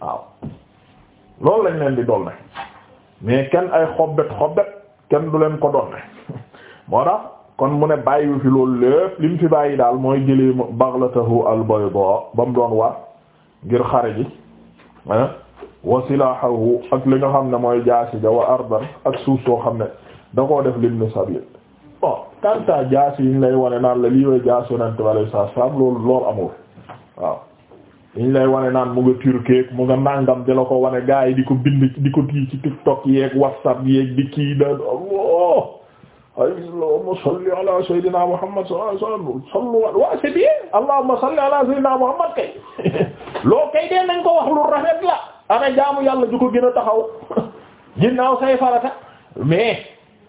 waaw loolu lañ leen di dool ne mais kenn ay xobbet xobbet kenn du leen ko doon ne moo tax kon mu ne bàyyi fi loolu lépp li mu fi bàyyi daal mooy jëlee baghlatahu al-bayda ba mu doon war ngir xare ji wa silahahu ak li nga xam ne mooy jaasi ja wa ardan ak suuf soo xam ne da koo def lim ni sabil bon tant jaasi yi ñu lay wane naan la lii woy jaasi yonente bi alei loolu loolu amul waaw liñ lay wane naan mu nga turkeeg mu nga nàngam di la ko wane gaa yi di ko bind di ko tii ci tiktok yeeg whatsapp yeeg di kii da Allah allahumma salli ala sayyidina muhammad sallallahu alayhi wasallam sallu wa c'est bien allahumma salli ala sayyidina muhammad kay loo kay dee nañ ko wax lu rafet la ana jaamu yàlla ju ko gën a taxaw ginnaaw say farata mais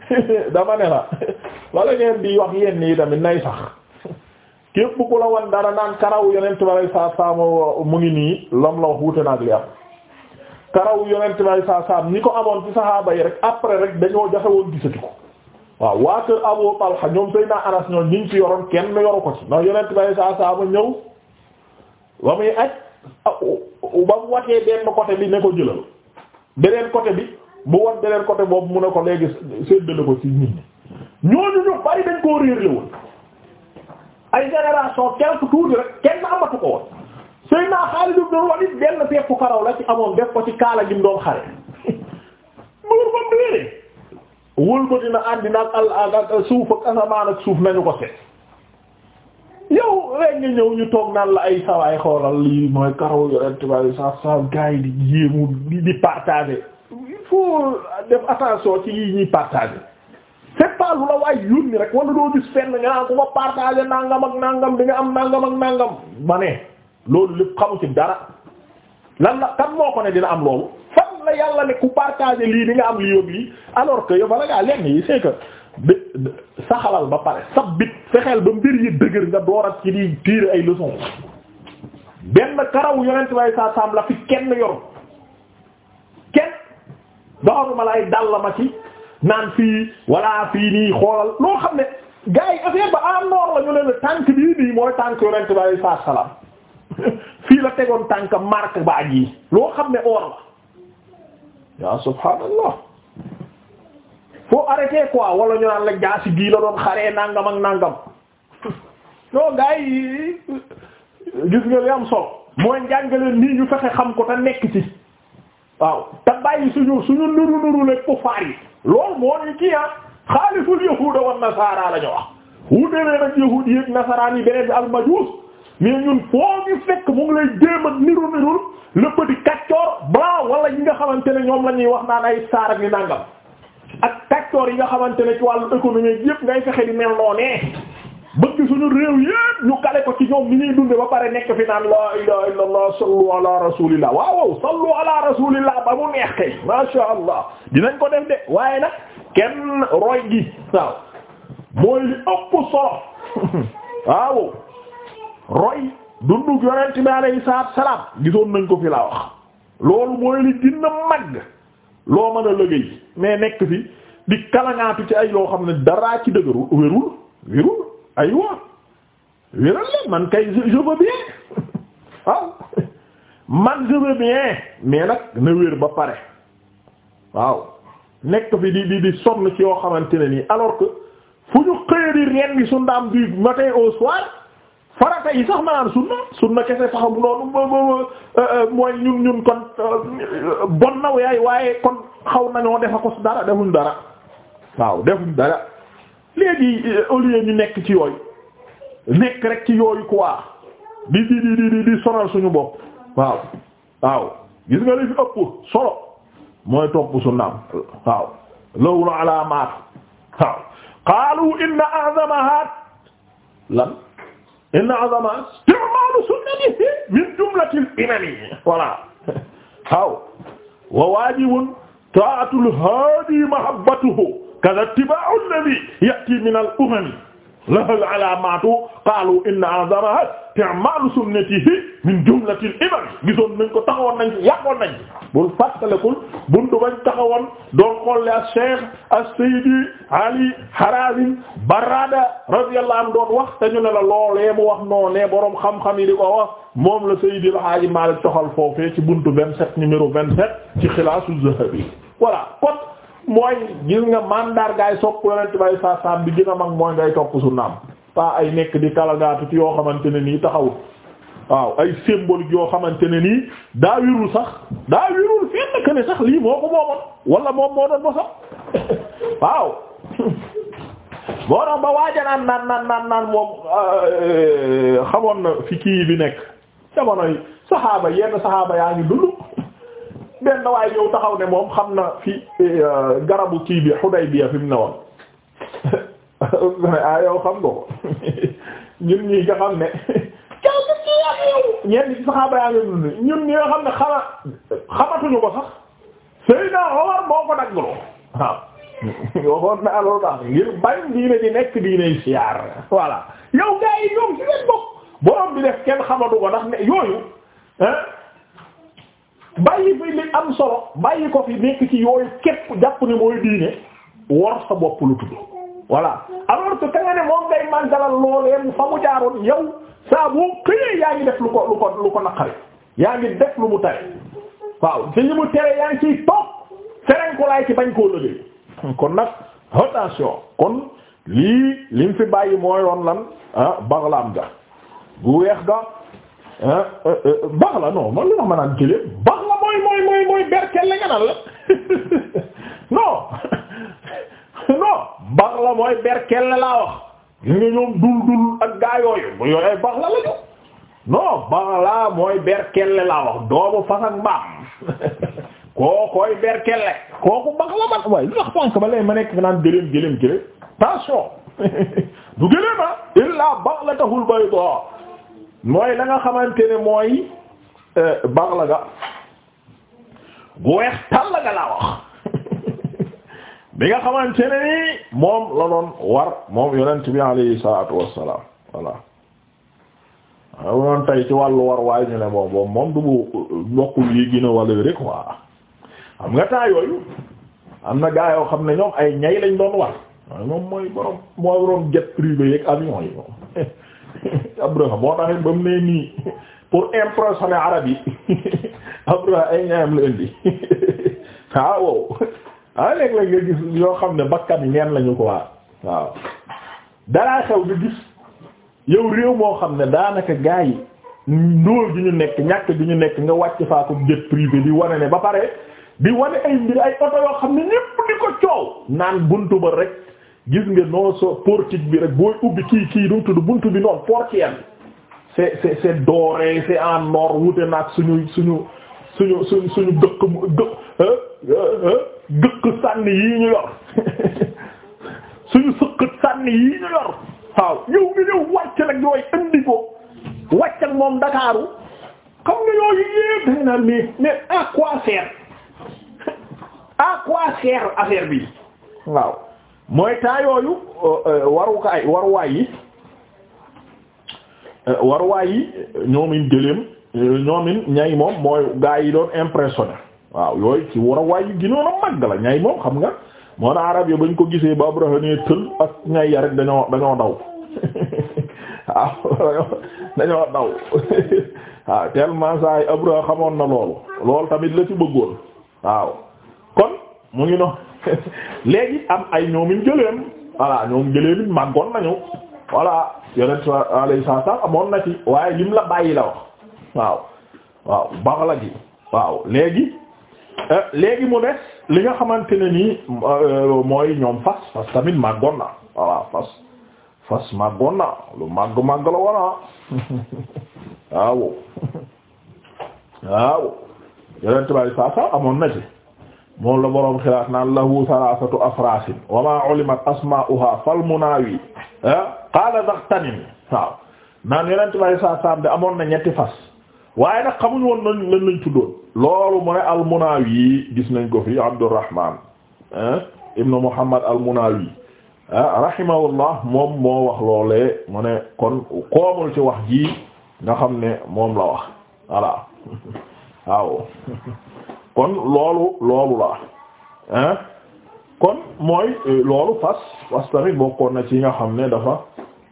dama ne la ngeen di wax yenn yi tamit nay sax képp ku la wan dara naan karaw yonent bi saa saa mu ngi nii lam la wax wute na ak li am karaw yonent bi saa saa ñi ko amoon ci saxaaba yi rek après rek dañoo jafe woon waaw waa kër Abu Talha ñoom Seydina Anas ñoom yoroon kenn yoru ko ci ndax yonent bi saa saa ma ñëw ba muy aj ah, ba mu waxee benn côté bi ne ko jëlal beneen côté bi mu wan beneen côté boobu mu ne ko léegi séddale ko ci nit ñi ñu bari dañ koo réerle woon ay génération quelque tuuti rek kenn amatu ko woon Seydina Xaalid ibn Walid benn feppu karaw la ci amoon def ko ci kaala gi mu doon xare buur bam réeree wëlbati na àndi naag al suuf ak asamaan ak suuf nañu ko seet yow rek nga ñëw ñu toog naan la ay sawaay xoolal lii mooy karaw yorent bay sa sa gars yi di yéemu di di partager il def attention ci yi ñuy partager c'est pas lu la waay yónni rek wala doo gis fenn nga naan ku ma partagé nangam ak nangam di nga am nangam ak nangam ma ne loolu lépp xamu ci dara lan la kan moo ko ne dina am loolu fan la yàlla ne ku partagé lii di nga am lii yóbbu lii alors que yow bala ngaa lenn yi c'est que saxalal ba pare sabbit fexeel ba mbir yi dëgër nga doorat ci di tirer ay leçons benn karaw yonent way sa sam la fi kenn yor kenn doxatuma lay dal ma ci naan fii walla fii nii xoolal loo xam ne gars yi affaire ba am noor la ñu leen tànk bii nii mooy tànk yonent bi alayhi salaatu salaam fii la tegoon tànk marque ba ak yi loo xam ne or la yaa subhaanallah foo arrêté quoi wala ñu naan la jaasi gii la doon xaree nangam ak nangam non gars yi gis nga li am solo mooy njàngaleen nii ñu fexe xam ko te nekk ci waaw te bàyyi suñu suñu nuru nuru lekk kuffaar yi loolu moo ñu kii ah xaalisul yahuuda wan nasaara la ñu wax wuutelee nag yahuud yi ak nasaraan yi beneen bi almajuus mais ñun foo ñu fekk mu ngi lay déem ak niru niru le petit kaccoor blanc wala ñi nga xamante ne ñoom la ñuy wax naan ay saar ak ni nàngam ak kaccoor yi nga xamante ne ci wàllu économie yëpp ngay fexe di mel noonee bëgg suñu réew yépp ñu kale ko ci ñoom ni ñuy dunde ba pare nekk fi naan la ilaha illallah sallu ala rasulillah waaw sallu ala rasulillah ba mu neex kay masha allah dinañ ko def de waaye nag kenn roy gi waaw mooy li ëpp solo waaw roy dundug yonent bi alayhi salaam gisoon nañ ko fi laa wax loolu mooy li dina màgg loo mën a liggéey mais nekk fi di kalangaatu ci ay loo xam ne dara ci dëgërul wérul wérul aywa wéral la man kay je veux bien waaw man je bien mais nag na wér ba pare waaw nekk fi di di di sonn ci yoo xamante ne nii alors que fu ñu xëya di ren gi sunna am du matin au soir farata yi sax maanaam sunna sunna kese sax bu noonu euh, euh, mooy ñun ñun kon euh, bon naw yaay waaye kon xaw nañoo defa ko dara defuñ dara waaw defuñ dara léegi euh, au lieu ñu nekk ci yooyu nekk rek ci yooyu quoi di di di di di sonal suñu bopp waaw waaw gis nga li fi ëpp solo mooy topp sunnaam waaw lawul alaamaat waaw qaalu inna a'zamaha lan inna a'zama isti'maalu sunnatihi min jumlatil imani voilà waaw wa waajibun ta'atul haadi mahabbatuhu kada tiba'u alladhi ya'ti min al-umam lahu al-alamatu qalu inna a'zamaha i'malu sunnatihi min jumlati al-imam gisoon nañ ko taxawoon nañ ci yàqoon nañ bul fàttalikul buntu bañ taxawoon doon xolle ak Cheikh as-Sayyidi Ali Harazim Barrada radiyallahu anhu doon wax te ñu ne la loolee mu wax noonee boroom xam-xam yi di ko wax moom la Sayyidi Alhaaji Maalik toxal foofee ci buntu 27 numéro 27 ci Xilaasu Zahabi voilà kon mooy gis nga mandargaay sopp yonent bay saa saam bi gën a mag mooy ngay topp sunnaam pas ay nekk di kalagaatu ci yoo xamante ne nii taxawut waaw ay symbolique yoo xamante ne nii daa wirul sax daa wirul fenn que sax lii moo ko moomoon wala moom moo doon bosam waaw boo doon ba waajanaan naan naan naan moom euh, xamoon na fi kii bi nekk jamonoy saxaaba yenn saxaaba yaa ngi dund benn waaye yow taxaw ne moom xam na fi euh, garabu kii bi Hudaybiya fi mu ne woon ah yow xam nga ko ñun ñi nga xam ne. ñenn ci saxaaba yaa ngi ñun ñi nga xam ne xamatuñu ko sax. Seydina Omar moo ko daggaloo waaw. waxoon naa loolu daal ngir bañ diine di nekk diine siyaar voilà yow gars yi ñoom ci leen bokk borom bi def kenn xamatu ko ndax yooyu ah. bàyyi fi li am solo bàyyi ko fi nekk ci yooyu képp jàpp ne mooy diine wor sa bopp lu tudd voilà alors que ka nga ne moom ngay màggalal looleem fa mu jaaroon yow saa boo xëyee yaa ngi def lu ko lu ko lu ko naqare def lu mu tere waaw te mu tere yaa ngi ciy toog bañ koo lëgéey kon nag kon lii li mu fi bàyyi moo woon lan ah baglaam ga gu weex ga Euh, euh, baax la non man li ma mën a jëlee baax la mooy mooy mooy berkelle nga naan la non non baax la mooy berkelle laa wax. gis nga ñoom dul dul ak gaa yooyu bu yooyu ay baax la la ñu non la mooy berkelle laa wax doomu fas ak mbaam kookooy berkelle kooku baax la man waaye lu tax sànq ba léegi ma nekk naan gëléem gëléem gëléem tension du gëléem ah illaa baax la taxul bay doo. mooy la nga xamante ne mooy euh, baax la ga gu weex tàll la ga laa wax nga xamante ne ni moom la doon war moom yonent bi alayhi salaatu wassalaam voilà waaw noonu tey ci wàllu war waaye ñu ne moom moom moom du bu bokkul yi gën a rek waa xam nga taa yooyu am na gaa yoo xam ne ñoom ay ñay lañ doon war moom mooy borom mooy borom jet privé yeeg avion yi moom Abraha moo taxit ba mu nee nii pour impressionner arab yi Abraha ay ñaayam la indi ah wow ah léeg-léeg nga gis yoo xam ne bakkan yi neen lañu ko waa waaw daraa xew nga gis yow réew moo xam ne daanaka gaa yi ndóol gi ñu nekk ñàkk gi ñu nekk nga wàcc faa ko jet privé di wane ne ba pare di wane ay mbir ay oto yoo xam ne ñépp di ko coow naan buntu ba rek. gis nga noo so portique bi rek booy ubbi kii kii du tudd bi noonu portière bi c'est c'est c'est doré c'est en or wute naag suñu suñu suñu suñ suñu dëkk dëkk sànni yi ñu yor suñu sëkkat sànni yi ñu yor waaw ñëw nga ñëw wàcc nag yooyu indi ko wàcc ak moom Ndakaaru xam nga yooyu yépp dañ naan mais mais à quoi affaire bi waaw mooy temps yooyu warukaay waruwaay yi waruwaay yi ñoomin gëléem ñoomin ñay moom mooy gaa yi doon impressionné waaw yooyu ci waruwaay yi gënoon a màgg la ñay moom xam nga moo na arab yo ñu ko gisee ba Abraha ne tël ak ñay ya rek dañoo dañoo daw waaw dañoo daw waaw tellement saa yi Abraha xamoon na loolu lool tamit la ci bëggoon waaw kon mu ngi noonu léegi am ay ñoomin gëléem voilà ñoom gëléem màggoon nañu voilà yonent alayhi salaam amoon na ci waaye lim la bàyyi la waaw waaw baax gi waaw léegi euh, léegi mu des li nga xamante ne nii euh, mooy ñoom fas fas tamit màggoon na voilà fas fas màggoon na lu màgg màgg la wona ah. waaw waaw yonent alayhi salaam amoon na ci moom la boroom xilaas naan lahu thalathatu afrasin wa ma ulimat asma'uha fal munawi qala dhaqtanim waaw naan yonent bay sa sam de amoon na ñetti fas waaye nag xamuñ woon nañ lañ lañ tuddoon loolu mu ne al munawi gis nañ ko fi abdurrahman ibnu muhammad al munawi rahimahullah moom moo wax loolee mu ne kon koomul ci wax ji nga xam ne moom la wax voilà waaw kon loolu loolu la ah kon mooy euh, loolu fas fas tamit bokkoon na ci nga xam ne dafa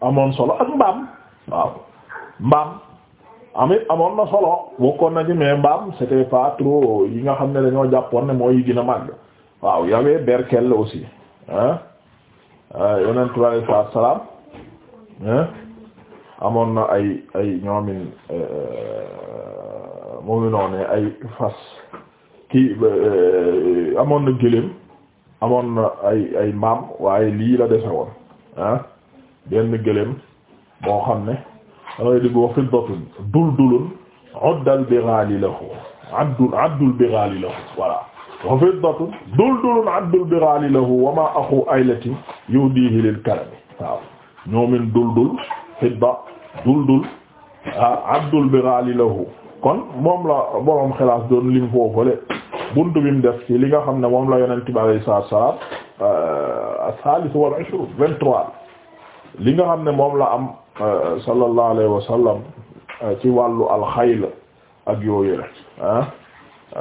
amoon solo ak mbaam waaw mbaam amit amoon na solo bokkoon na ci mais mbaam c'était pas trop yi nga xam ne dañoo jàppoon ne mooy yi gën a màgg waaw yawee berkel aussi ah yonent bi amoon na ay ay ñoomin euh, mu ngi ay fas ki euh, amoon na gëléem amoon na ay ay maam waaye lii la dese woon ah benn gëléem boo xam ne dangay digg wa fiddatun duldulun uddal bighali lahu abdul abdul bighali lahu voilà wa fiddatun duldulun abdul bighali lahu wa ma axu aylati yudihi lil karami waaw ñoomin duldul fidda duldul abdul ah, bighali lahu kon moom la borom xilaas doon lim foofale buntu bi mu def ci li nga xam ne moom la yonent bi alayhi salaatu wa salaam euh, as-saalis wal ishruun vingt-trois li nga xam ne moom la am euh, sallallahu alayhi wa sallam euh, ci wàllu alxayl ak yooyu rek ah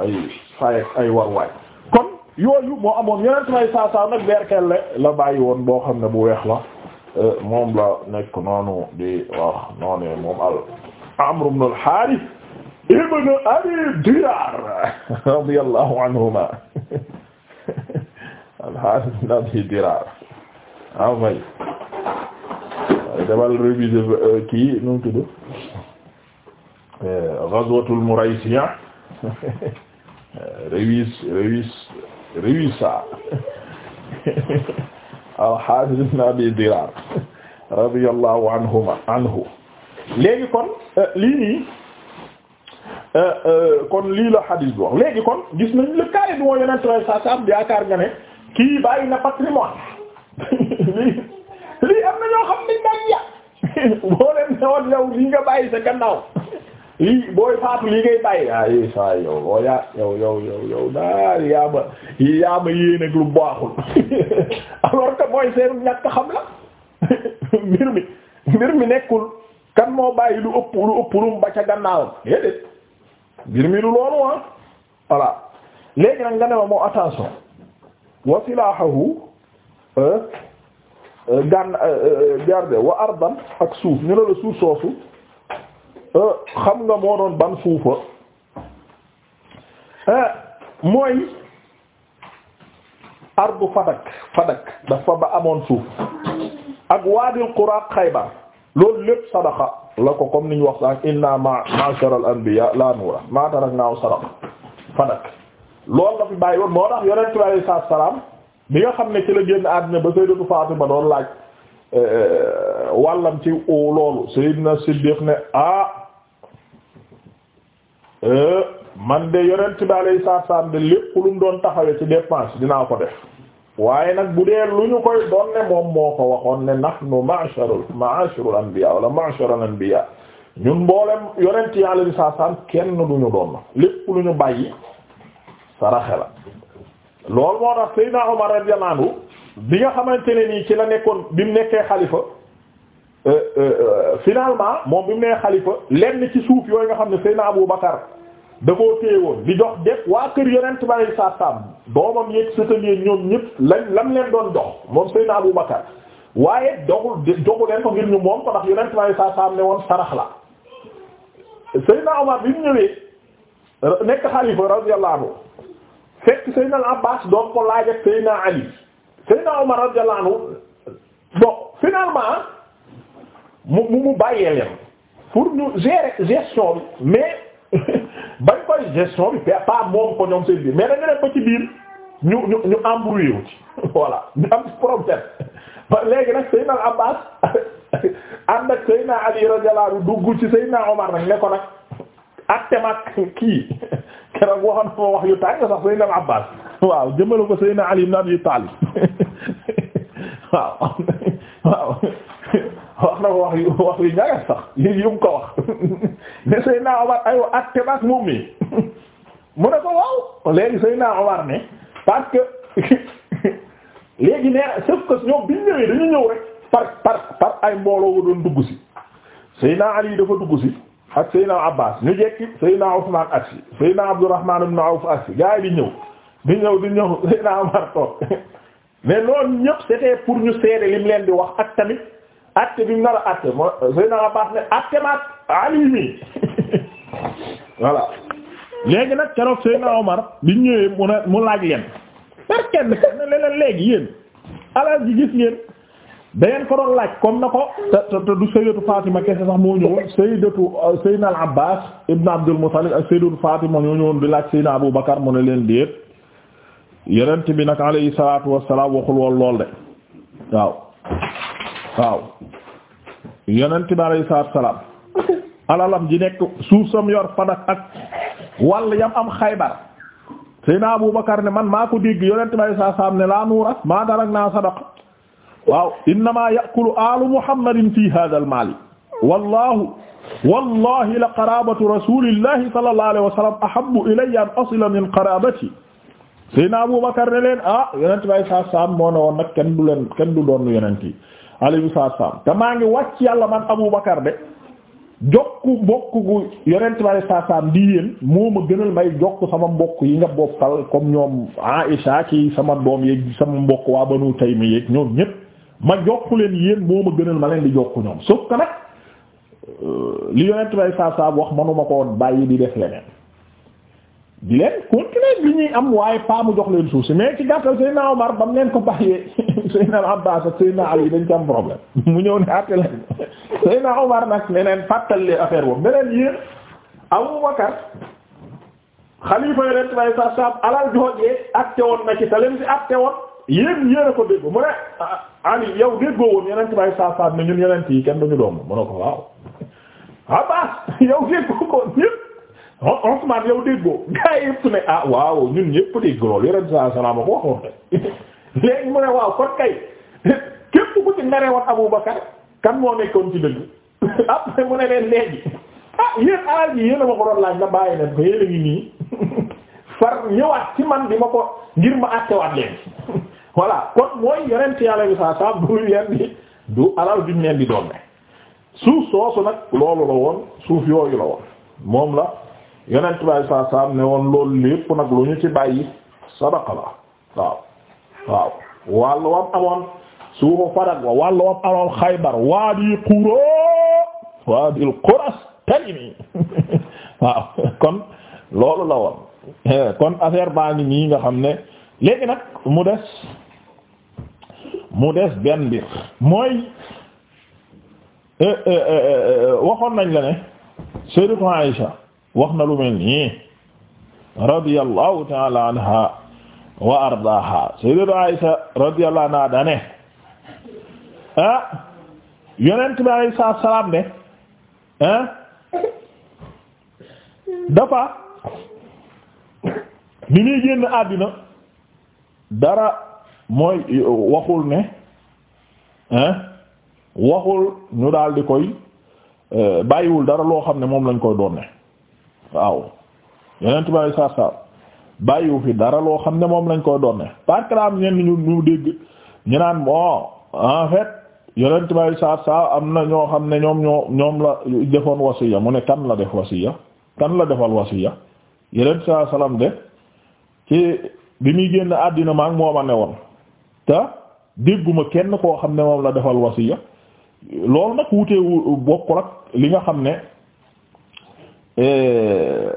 ay fay ay warwaay kon yooyu moo amoon yonent bi alayhi salaatu wa berkelle la bàyyi woon boo xam ne bu weex la moom la nekk noonu di wax noonu moom al Amr ibn al ibn abi dirar radiyallahu anhuma al-Haaris ibn abi dirar aw may demal révisé euh, kii nu mu tudd euh, ghazwatul Muraysiya révis euh, révis révisa al-Haaris ibn abi dirar radiyallahu anhuma anhu léegi kon lii nii Euh, euh, kon lii la xadiis bi wax léegi kon gis nañ le cas bi moo yeneen trois cent cent yaakaar nga ne kii bàyyi na patrimoine lii lii am na ñoo xam ne dañ ya boo leen newoon yow lii nga bàyyi sa gannaaw lii booy faatu lii ngay bàyyi ah eh ça yow boo yaa daal yaa ma yaa ma yéene ak lu baaxul alors que mooy seen ñàkk xam la mbir mi mbir mi nekkul kan moo bàyyi lu ëpp lu ëpp lu mu ba ca gannaawam mbir mi du loolu ah voilà léegi nag nga ne ma moo attention wa silaahahu euh, euh, gànn euh, garde wa ardan ak suuf ne la suuf soosu xam nga moo doon ban suufa mooy ardu fadak fadak dafa ba amoon suuf ak waadil qura xaybar loolu lépp sadaqa la ko comme niñ wax sax inna ma'shar al-anbiya la nuura ma taraknaa sadaqa fadak loolu la fi bàyyi woon moo tax yonent bi alayhi salaatu wa salaam bi nga xam ne ba sayyidatu Faatima doon laaj euh, wàllam ci loolu sayyidina Siddiq ne ah euh, man de yonent bi alayhi salaatu de lépp lu doon taxawee ci dépense dinaa ko def waaye nag bu dee lu ñu koy doon ne moom moo ko waxoon ne nahnu ma'sharul ma'asharul anbiya wala ma'sharul anbiya ñun mboolem yonent yàlla di saa kenn du ñu doon lépp lu ñu bàyyi saraxe la loolu moo tax Seydina Omar radiyallahu bi nga xamante ne nii ci la nekkoon bi mu nekkee xalifa euh, euh, euh, finalement moom bi mu nee xalifa lenn ci suuf yooyu nga xam ne Seydina Abu Bakar da koo téye woon di jox def waa kër yonent bi alei saatu salam doomam yeeg ñoom ñëpp lañ lam leen doon jox moom Seydina Abu Bakar waaye doxul doxu leen ko ngir ñu moom ko ndax yonent bi alei ne woon sarax la Seydina Omar bi mu ñëwee nekk xalifa radiyallahu anhu fekk Seydina Abbas doon ko laaj ak Seydina Ali Seydina Omar radiyallahu anhu bon finalement mu mu bàyyee leen pour ñu gérer gestion bi mais bañ koy gestion bi pas moom ko ñoom seen biir mais dañu ko ci biir ñu ñu ñu embrouillé wu ci am problème ba léegi nag Seydina Abbas ànd ak Seydina Ali radiyallahu anhu ci Seydina Omar nag ne ko nag àtte ma kii keroog waxoon na ma wax yu tàng sax Seydina Abbas waaw jëmale ko Seydina Ali ibn Abi Talib waaw waaw wax na ko wax yu wax yu sax yu mu ko wax. ne Seydina Omar aywa atte baak moom mi mu a ko waaw léegi Seydina Omar ne parce que léegi nee na sauf que ñoom biñ ñëwee dañu ñëw rek par par par ay mbooloo wa doon dugg si Seydina Ali dafa dugg si ak Seydina Abbas ñu jekki Seydina Usman aksi Seydina Abdurrahman ibn Awf aksi gaa yi di ñëw di ñëw di ñëw Seydina Omar toog mais loolu ñëpp c'était pour ñu seede lim leen di wax ak tamit atte bi mu nar a atte mo Seydina Abbas ne atte maat ali mi voilà léegi nag keroog Seydina Omar bi ñëwee mu ne mu laaj leen par kenn kenn leneen yéen alal ji gis ngeen dangeen ko doon laaj comme na ko te te du Sayyidatu Fatima kese sax moo ñëwoon Sayyidatu euh, Seydina al Abbas ibn Abdul Fatima ñoo laaj Seydina Abu Bakar mu ne leen déet yonent bi nag alayhi salaatu wassalaam waxul woon lool de waaw waaw yonent bi alayhi salaatu wassalaam alalam ji nekk suuf sam yor fadak ak wàll yam am xaybar Seydina Abu Bakar ne man maa ko dégg yonent bay saa saam ne laa nuuras maa darak naa sadaqa waaw innama ya'kulu alu muhammadin fi hadha al wallahi la qarabatu rasulillahi sallallahu alayhi wa sallam ahabbu ilayya an asila min qarabati Seydina Abu Bakar ne leen ah yonent bay saa saam moo ne woon nag kenn du leen kenn du doon yonent yi alayhi salaam te maa ngi jokku mbokk gu yonent bi alei saa di yéen moo ma gënal may jokk sama mbokk yi nga bokkal comme ñoom Aïcha ki sama doom yeeg sama mbokk waa Banu Taymi yeeg ñoom ñépp ma jokk leen yéen moo ma gënal ma leen di jokk ñoom sauf que nag euh, li yonent bi alei saa wax manuma ko woon bàyyi di def leneen di leen continuer li ñuy am waaye pa mu jox leen suuf si mais ci gàttal Seydina Omar ba mu leen ko bàyyee Seydina Abbas ak Seydina am problème mu ñëw ne àtte leen Seydina Omar nag ne leen fàttali affaire boobu beneen yéen Abu Bakar xalifa yi leen tibay sa saab alal joojee àtte woon na ci te leen si àtte woon yéen yéen a dégg mu ne ah Ali yow déggoo woon yeneen tibay sa saab ne ñun yeneen yi kenn duñu doom mu ne ko waaw Abbas yow déggoo ko ñépp Ousmane yow déggoo gaa yëpp ne ah waaw ñun ñëpp dégg loolu yore saa salaama ko waxoon tey léegi mu ne waaw kon kay képp ku ci naree woon kan moo nekkoon ci dëgg après mu ne leen léegi ah yéen alal ji yéen a ma ko doon laaj nga bàyyi leen ko yéen a ngi nii far ñëwaat ci man bi ma ko ngir ma àttewaat leen voilà kon mooy yonent Yàlla bi saa saa bu leen di du alal duñ leen di doon ne suuf soosu nag loolu la woon suuf yooyu la woon moom la. yonent baay saa saa ne woon loolu lépp nag lu ñu ci bàyyi sadaqa la waaw waaw wàllu wam amoon suufu fadak wa wàllu wam amoon xaybar waadi qura waadil quras talimi waaw kon loolu la woon eh, kon affaire baa ngi nii nga xam ne léegi nag mu des mu des benn mbir mooy eh, eh, waxoon nañ la ne sayyidatu Aisha wax na lu mel nii radiyallahu taala anha wa ardaaha sayyidatu Aisha radiyallahu anha dane ah yonent bi alayhi salaatu salaam ne ah dafa ni muy génn àddina dara mooy waxul ne ah waxul ñu daal di koy eh, bàyyiwul dara loo xam ne moom lañ koy doon ne waaw yonent bi saa saa bàyyiwu fi dara loo xam ne moom lañ koy doon ne parce que am ñenn ñu ñu dégg ñu naan bon en fait yonent bi saa saa am na ñoo xam ne ñoom ñoo ñoom la defoon wasiya mu ne kan la def wasiya kan la defal wasiya yonent saa salaam de ci bi muy génn àddina maak moo ma ne woon te dégguma kenn koo xam ne moom la defal wasiya loolu nag wuteewu bokkul ak li nga xam ne. Euh,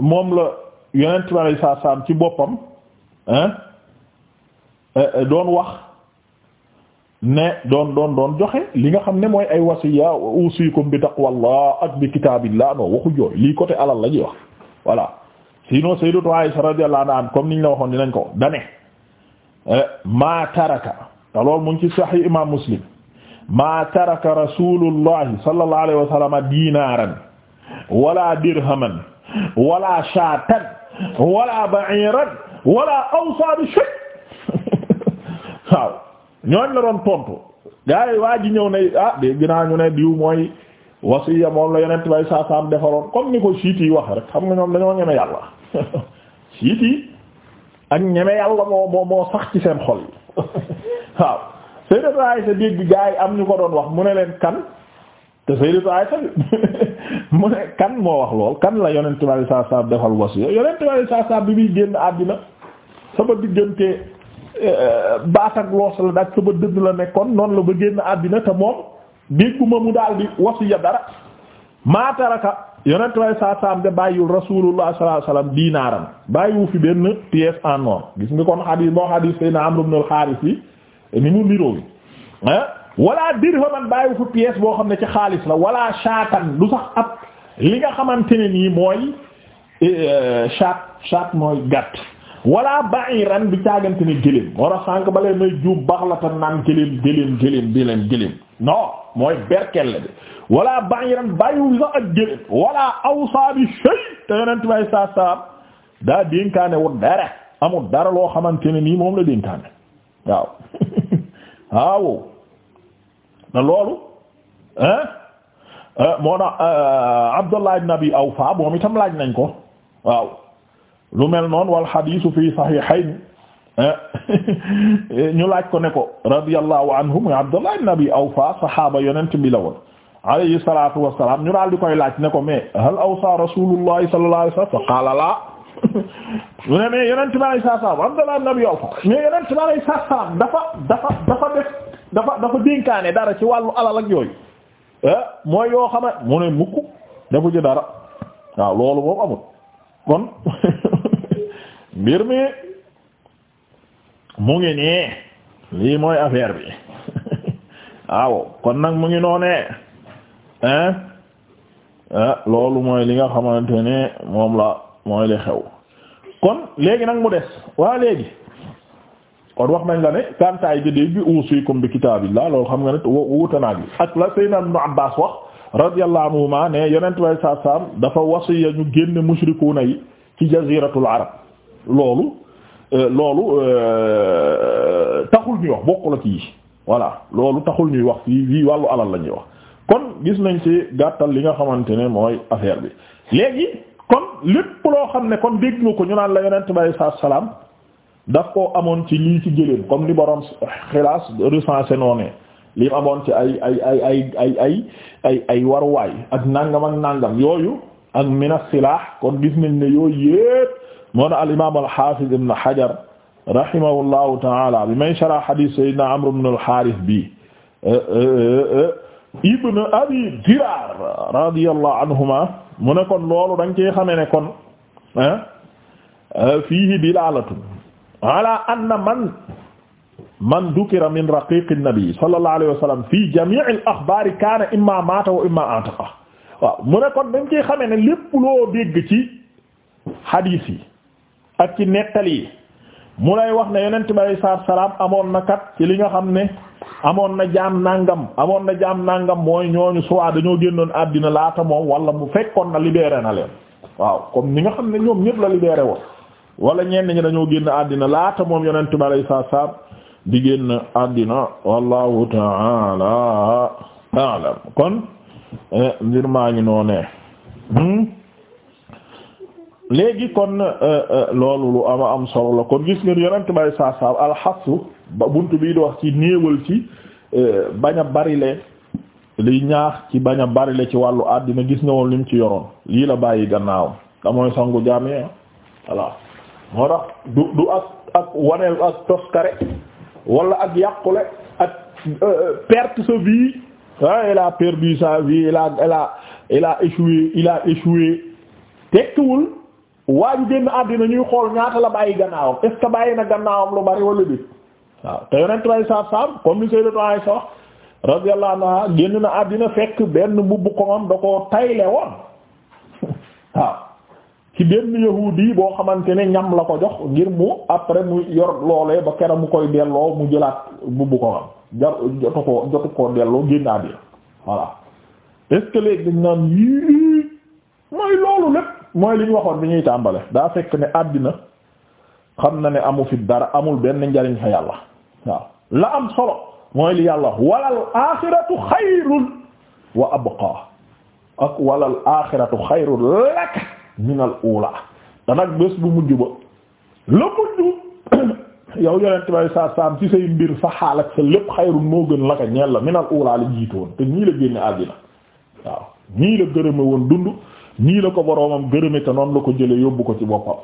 moom la yonent bi saa saam ci boppam euh, doon wax ne doon doon doon joxe li nga xam ne mooy ay wasiya usikum bi taqwallah ak bi kitaabillah non waxu jooy lii côté alal la ñuy wax voilà sinon sayyidatu Aisha radiyallahu anha comme niñ la waxoon dinañ ko dane euh, maa taraka te loolu mu ngi ci sahih imam muslim maa taraka rasulullahi sallallahu alayhi wa wala dirhaman wala shaatan wala ba'iran wala awsa bi shay waaw ñooñ la doon tontu gaa yi waa ji ñëw ne ah de ginnaaw ñu ne diw mooy wasiya moom la yonent bay saa saam comme ni ko siit wax rek xam nga ñoom dañoo ñeme yàlla siit yi ak ñeme yàlla moo moo sax ci seen xol yi waaw Sayyidatu Aysa dégg gaa yi am ñu ko doon wax mu ne leen kan te Sayyidatu Aysa mu ne kan moo wax lool kan la yonent bi sallallahu alayhi wasallam defal wasiya yonent bi sallallahu bi muy génn àddina sama diggante eh, eh, baat ak loos la daal sama dëdd la nekkoon noonu la ba génn àddina te moom dégguma mu daal di wasiya dara maa taraka yonent bi sallallahu alayhi wasallam de bàyyiwul rasulullah sallallahu alayhi diinaaram bàyyiwu fi benn pièce en gis nga kon xadiis boo xadiis Seydina Amr ibn al-Harith yi ni mu niroo wi wala dirhaman bàyyi fu pièce boo xam ne ci xaalis la wala shaatan du sax ab li nga xamante ne nii mooy eh, eh, shaat shaat mooy gàtt wala ba'iran bi caagante ne gëléem moo tax sànq ba leen may juub baax la te naan gëléem gëléem gëléem gëléem gëléem non mooy berkelle bi wala ba'iran bàyyiwu sax ak gëléem wala awsa bi shay te yonent bay saa saab daa dénkaane wu dara amul dara loo xamante ne nii moom la dénkaane waaw waaw na loolu euh, moo tax euh, Abdullah ibn Abi Awfa moom itam laaj nañ ko waaw lu mel noonu wal xadiisu fi saxiixayn ñu laaj ko ne ko radiyallahu anhu muy Abdullah ibn Abi Awfa saxaaba yonent bi la woon alayhi salaatu wassalaam ñu daal di koy laaj ne ko mais hal awsa rasuulullahi sallallahu alayhi wa sallam qaala laa ñu ne mais yonent bi alayhi salaam Abdullah ibn Abi Awfa mais yonent bi alayhi salaam dafa dafa dafa def dafa dafa dénkaane dara ci wàllu alal ak yooyu eh, mooy yoo xama mu ne mukk defu ci dara waaw loolu moom amul kon mbir mi mu ngi nii lii mooy affaire bi waaw kon nag mu ngi noonee een eh, eh, loolu mooy li nga xamante ne moom la mooy li xew kon léegi nag mu des waa léegi kon wax nañ la ne kantaay bi dégg uusikum bi kitaabillah loolu xam nga ne wuute naa bi ak la Seydina Ibnu Abbaas wax radiyallahu anhuma ne yonent way saa saam dafa wasiya ñu génn mushrikuuna yi ci jaziratul arab loolu euh, loolu euh, taxul ñuy wax bokku la ci voilà loolu taxul ñuy wax fii fii wàllu alal la ñuy wax kon gis nañ ci gàttal li nga xamante ne mooy affaire bi léegi kon lépp loo xam ne kon dégg nga ko ñu naan la yonent bay saa salaam daf koo amoon ci lii ci gëléem comme li borom xilaas recensé noo ne li amoon ci ay ay ay ay ay ay ay ay waruwaay ak nàngam ak yooyu ak mina silaax kon gis nañ ne yooyu yépp moo na al imaam al xaafiz ibn Hajar rahimahullahu taala bi may sharah hadith sayyidina Amr ibn al Harith bi eh, eh, eh, ibn Abi Diraar radiyallahu anhuma mu kon loolu dañ ci xame ne kon fiihi dilaalatun ala anna man man dukira min raqiqi nabi sallallahu alayhi wa sallam fi jami' waaw mu ne dañ ciy xamee ne lépp loo dégg ci hadith yi ak ci nettali yi mu lay wax na yeneen bi alayhi amoon na kat ci li nga xam ne amoon na jaam nangam amoon na jaam nangam mooy ñooñu soit dañoo génnoon àddina laata moom wala mu fekkoon na libéré na leen waaw comme ni nga xam ne ñoom ñëpp la libéré woon wala ñenn ñi dañoo génn àddina laata moom yonent bi alayhi salaam di génn àddina wallahu ta'ala a'lam kon eh, mbir maa ngi noonee hmm? léegi kon eh, eh, loolu lu ama am solo la kon gis ngeen yonent bi alayhi salaam alxasu ba buntu bii di wax ci néewal ci bañ a barile li ñaax ci bañ a barile ci wàllu àddina gis nga woon lim ci yoroon lii la bàyyi gannaaw da mooy sangu jaamiya voilà moo tax du du ak ak waneel ak toskare wala ak yàqule ak euh, perte sa vie ah il a perdu sa vie il a il a il a tekkiwul waa ju génn àddina ñuy xool ñaata la bàyyi gannaawam est bàyyi na gannaawam lu bari wala déet waaw te yonent bay saab saab comme ni Sayyidatu Aisha wax radiyallahu anha génn na àddina fekk benn mbubb komam da ko tayle woon waaw ci benn yahudi boo xamante ne ñam la ko jox ngir mu après mu yor loolee ba kera mu koy delloo mu jëlaat bubbu ko xam jar jotu ko jotu koo delloo génn àddina voilà est ce naan yii mooy loolu lépp mooy li ñu waxoon bi ñuy tàmbale daa fekk ne àddina xam na ne amu fi dara amul benn njariñ fa yàlla waaw la am solo mooy li yàlla walal axiratu xayrun wa abqa ak walal axiratu xayrun lak minal ula te nag bés bu mujj ba la mujj yow yonent bay sa saam ci say mbir sa xaal sa lépp xayrun moo gën la ka ñeel la minal ula la jiitoon te ñii la génne àddina waaw ñii la gërëme woon dund nii la ko boroomam gërëme te noonu la ko jële yóbbu ko ci boppam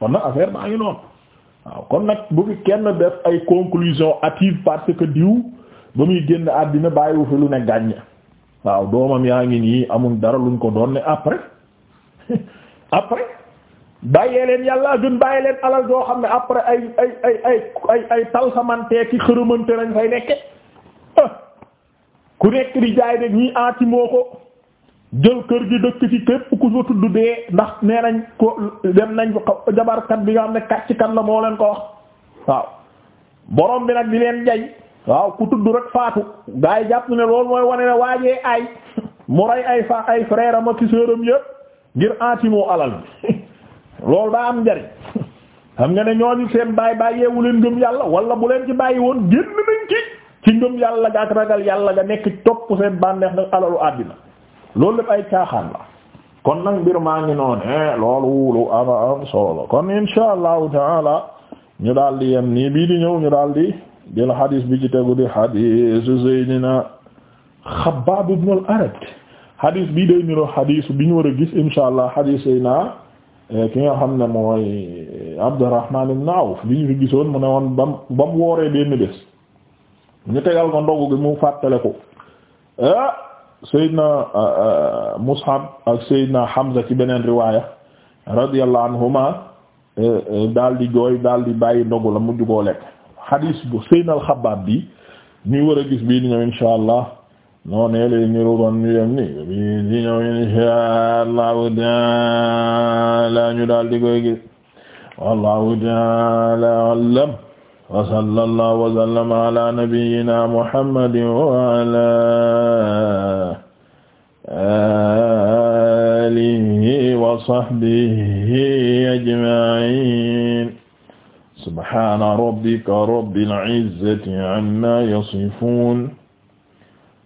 kon nag affaire baa ngi noonu waaw kon nag bu fi kenn def ay conclusion hâtive parce que diw ba muy génn àddina bàyyiwu fi lu ne gàññ waaw doomam yaa ngi nii amuñ dara luñ ko doon ne après bàyyee leen yàlla gën bàyyee leen alal joo xam ne après ay ay ay ay ay ay talsamantee ki xërëmante lañ fay nekke ah. ku nekk di jaay de ñii antimoo ko jël kër gi dëkk ci képp ku ñu tudd dee ndax nee nañ ko dem nañ jabarkat bi nga xam ne kàcc kan la moo leen ko wax waaw borom bi nag di leen jay waaw ku tudd rek faatu gaa jàpp ne loolu mooy wane ne waajee ay mu rey ay fa ay frère am ak sœuram yëpp ngir entimoo alal bi loolu daa am njariñ xam nga ne ñooñu seen baay bàyyeewu leen ngëm yàlla wala bu leen ci bàyyi woon génn nañ ci ci ngëm yàlla ga ak ragal yàlla ga nekk topp seen bànneex nag alalu àddina loolu lépp ay caaxaan la kon nag mbir maa ngi noonu eh, loolu lu ama am solo kon insha allahu taala ñu daal di yem nii bii di ñëw ñu daal di jël xadiis bi ci tegu di xadiis Seydina Xabbaab ibn al-Arat xadis bi day niroo xadis bi ñu war a gis insha allah xadis yi naa eh, ki nga xam ne mooy eh, Abdurrahman ibn naaw bi ñu fi gisoon mu ne woon bam bam wooree benn bés ñu tegal ko ndogu gi mu fàttale ko ah Seydina Mus'ab ak Seydina Hamza ci beneen riwaaya radiyallahu anhuma daal di jooy daal di bàyyi ndogu la mujj koo lekk xadis bu Seydina al-Xabbaab bi ñuy war a gis bii di ñëw insha allah noo ne lay niru kon ñu yem ni bi di ñëw inshaa Allahu taala ñu daal di koy gis wallahu taala a'lam wa sallallahu wa sallama ala nabiyyina muhammadin wa ala alihi wa sahbihi ajma'in subhana rabbika rabbil izzati amma yasifun